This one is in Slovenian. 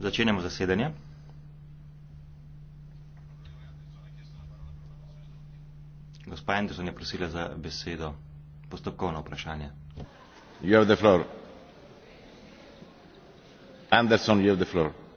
začenjamo zasedanje. Gospa Anderson je prosila za besedo. Postopkovno vprašanje. You have the floor. Anderson, you have the floor.